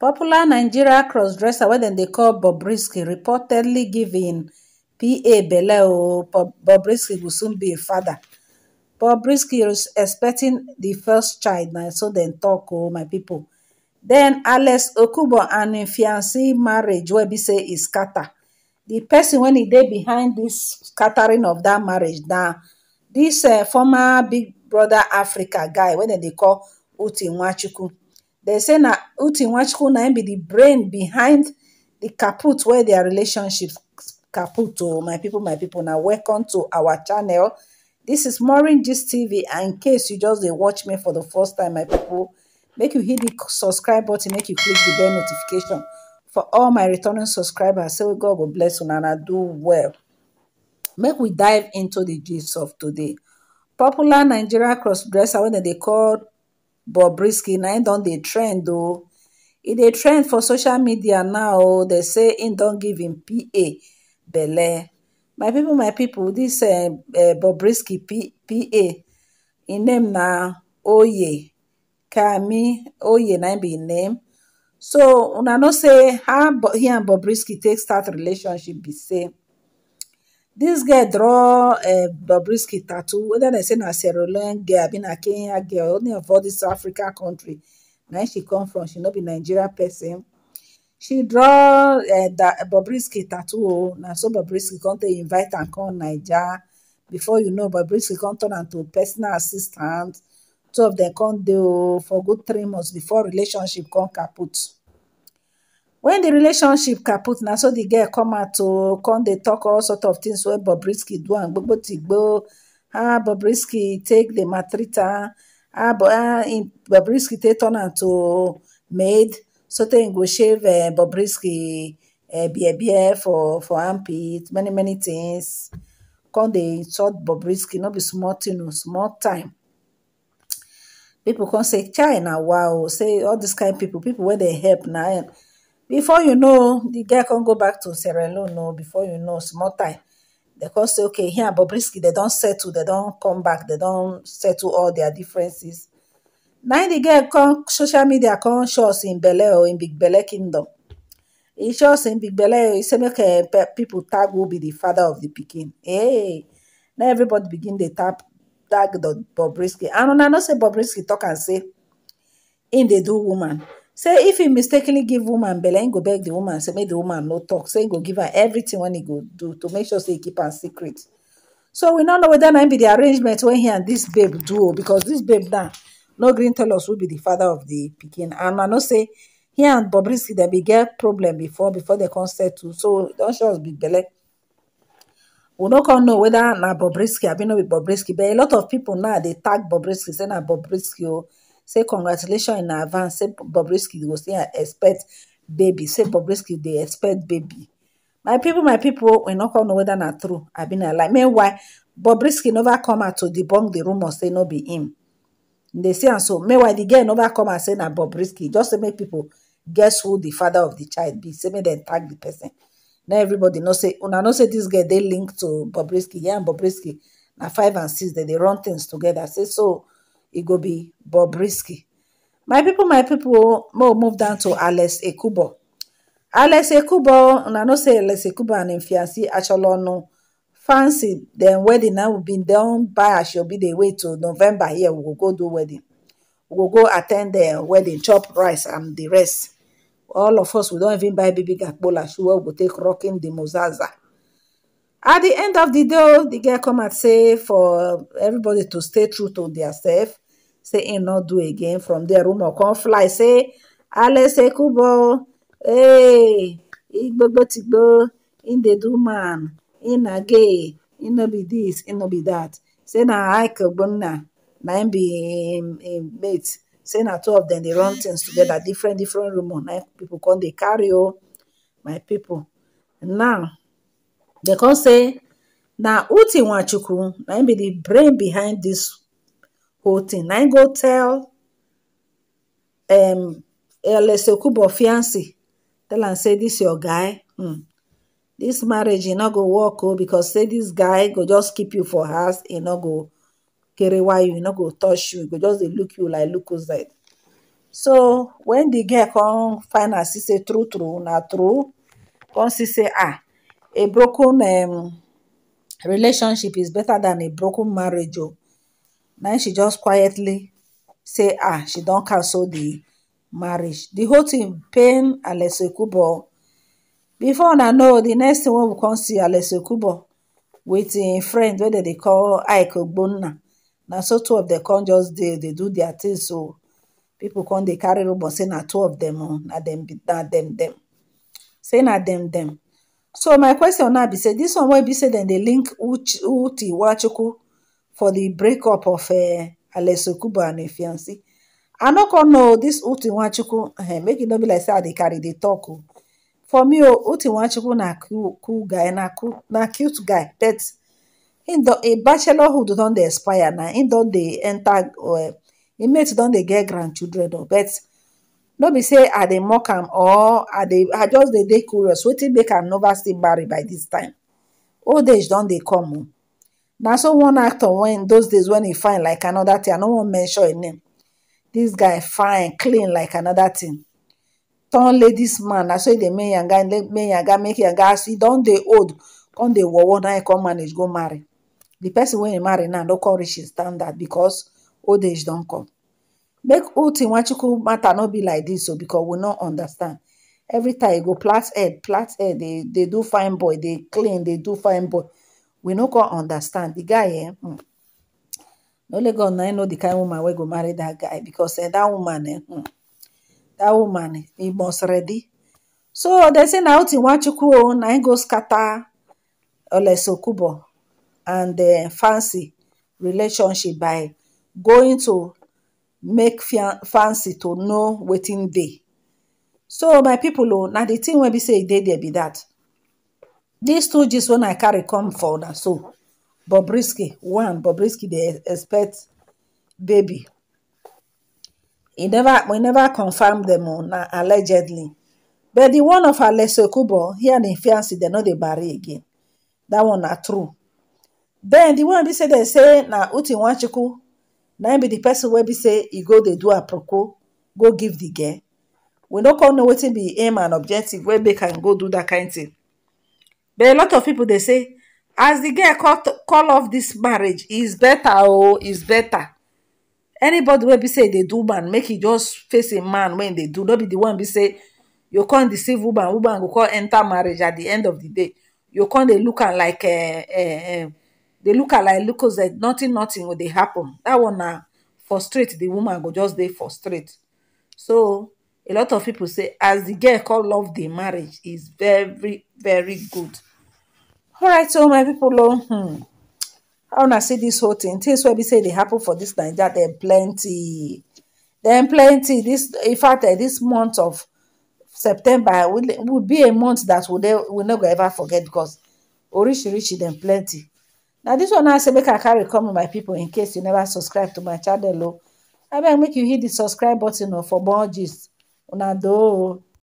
popular nigeria crossdresser wey dem dey call bobrisky reportedly giving pa belle ooo oh, bobrisky go soon be a father bobrisky is expecting di first child na so dem talk ooo oh, my pipo den alex okubo and im fiancée marriage wey be say e scatter di person wey e dey behind dis scattering of dat marriage na dis uh, former big brother africa guy wey dem dey call uti nwachukwu dem say na uti nwachukwu na im be the brain behind the kaput wey their relationship kaput o oh, my people my people na welcome to our channel This is Maureen gist tv and in case you just dey watch me for the first time my people make you hit the subscribe button make you click the bell notification for all my returning subscribers say god go bless una and I do well make we dive into the gist of today popular nigeria crossdresser wey dem dey call bobrisky na im don dey trend o e dey trend for social media now o dey say im don give im pa belle my pipo my pipo dis eh, eh, bobrisky pa im name na oye kami oye na im be im name. so una know say how he and bobrisky take start relationship be say This girl draw um Bobrisky tattoo whether dem say na Sierra Leone girl abi na Kenya girl Only of all dis Africa country na im she come from she no be Nigeria person. She draw um Bobrisky tattoo oo oh, na so Bobrisky come take invite am come Naija before you know Bobrisky come turn am to personal assistant two of them come dey oo oh, for good three months before relationship come kaput. When the relationship kaput na so the girl come out to come dey talk all sort of things. wey bobrisky do and gbogbo tigbo how ah, bobrisky take dey maltreat her ah, how ah, bobrisky take turn am to maid So im go shave eh, bobrisky eh, beer for for armpit many many things. come dey insult bobrisky no be small tin o small time People come say chai na wow say all dis kain people. People wey dey help na eh, before you know the girl con go back to sierra leone o before you know small time They can say okay here and bobrisky dem don settle They don't come back They don't settle all their differences Now the girl come social media come show us im belle o im big belle kingdom He show in big belle He say make eh, people tag will be the father of the picking. hey now everybody begin they tap tag the bobrisky and una know say bobrisky talk and say in dey do woman say if he mistakenly give woman belle him go beg the woman say make the woman no talk say him go give her everything wen e go do to make sure say e keep her secret. so we no know weda na im be di arrangement wey him and dis babe do o becos dis babe now no gree tell us who be di father of di pikin and i know say him and bobrisky dem be get problem before before dem kon settle so e don show us big belle. we no come know whether na bobrisky i no be bobrisky but a lot of people now dey tag bobrisky say na bobrisky o. say congratulations in advance say Bobrisky go say I expect baby say Bobrisky they expect baby my people my people oh, we not come no whether na true i been na lie meanwhile Bobrisky never come out to debunk the rumor say no be him They say and so meanwhile the girl never come out say na Bobrisky just to make people guess who the father of the child be say make dem tag the person Now everybody know say una no say this girl they link to Bobrisky yeah and Bobrisky na five and six They they run things together say so e go be Bobrisky. My people, my people, mo move down to Alex Ekubo. Alex Ekubo, and I know say Alice Ekubo and him fiancé no fancy then wedding now we been done by be the way to November here we go go do wedding. We go go attend the wedding, chop rice and the rest. All of us, we don't even buy baby gakbola. She will go take rocking the mozaza. At the end of the day, the girl come and say for everybody to stay true to their self. say he eh, no do again from there rumor come fly say alese kubo hey igbogbo tigbo He dey do man He na gay He no be this. He no be that. say na aike ogbonna na im be im mate say na two of them dey run things together different different rumor. na people come dey carry o oh, my people. now dem come say na uti nwachukwu na im be di brain behind this. whole thing. I go tell um Kubo fiancé, tell and say this your guy. Hmm. this marriage you not go work oh because say this guy go just keep you for us. He not go carry why you, He not go touch you, He go just look you like look that. So when the girl come find us, she say true, true, not true. Come she say ah, a broken um, relationship is better than a broken marriage. Oh. na she just quietly say ah she don cancel di marriage di whole thing pain alessio kubo before na no di next tin wey we come see alessio kubo wit im friends wey dem dey call aiko ogbonna na so two of dem come just dey dey do dia tins so pipo come dey carry rumours say na two of dem na dem dem say na dem dem. so my question now be say dis one wey be say dem dey link uwu ti for di break up of uh, alex and him fiance i no come know dis uti nwachukwu eh, make e no be like say i dey carry dey talk o oh. for me o oh, uti nwachukwu na cool guy na cute guy but him bachelorhood don dey expire na him don dey enter or him don dey get grandchildren o oh, but no be say i dey mock am or i just dey dey curious wetin make am never still marry by dis time old age don dey come o Now, so one actor when those days when he fine like another thing i no wan mention him name This guy fine clean like another thing turn ladies man na so e dey make yanga make yanga make yanga as e don dey old come they wowo now? He come manage go marry the person when he marry now no come reach him standard because old age don't come make thing what you could matter not be like this. So oh, because we not understand every time e go plait head plait head They they do fine boy They clean They do fine boy we no go understand di guy eh, hmm. no only god na know no the kind woman wey go marry dat guy because dat eh, woman dat eh, hmm. woman e must ready. so dem say na ho nwachukwu wachukwu oh, o na im go scatter olesokubo and fancy relationship by going to make fancy to know wetin dey. so my pipo o oh, na di tin wey be say e dey there be dat. these two gist wey i carry come for so bobrisky one bobrisky they expect baby He never we never confam dem na allegedly but the one of alex okubo here and im fiancé they know they bury again That one na true Then the one be say they say na uti nwachukwu na im be the person wey be say e go dey do a proko, go give the girl we no call no waiting be aim and objective where they can go do dat kain thing but a lot of people they say as the girl call call off this marriage is better oh is better anybody will be say they do man make it just face a man when they do not be the one be say you can't deceive woman woman go call enter marriage at the end of the day you can't they look at like uh, uh, They look at like look like nothing nothing will they happen that one na frustrate the woman go just they frustrate so a lot of people say as the girl call love the marriage is very very good All right, so my people, lo oh, hmm how una see this whole thing things wey be say they happen for this Niger, they're plenty dem plenty This, in fact eh, this month of september will will be a month that we will never ever forget becos orishirishi them plenty Now, this one I say make i carry come my people in case you never subscribe to my channel I oh. abeg make you hit the subscribe button oh, for more gist una do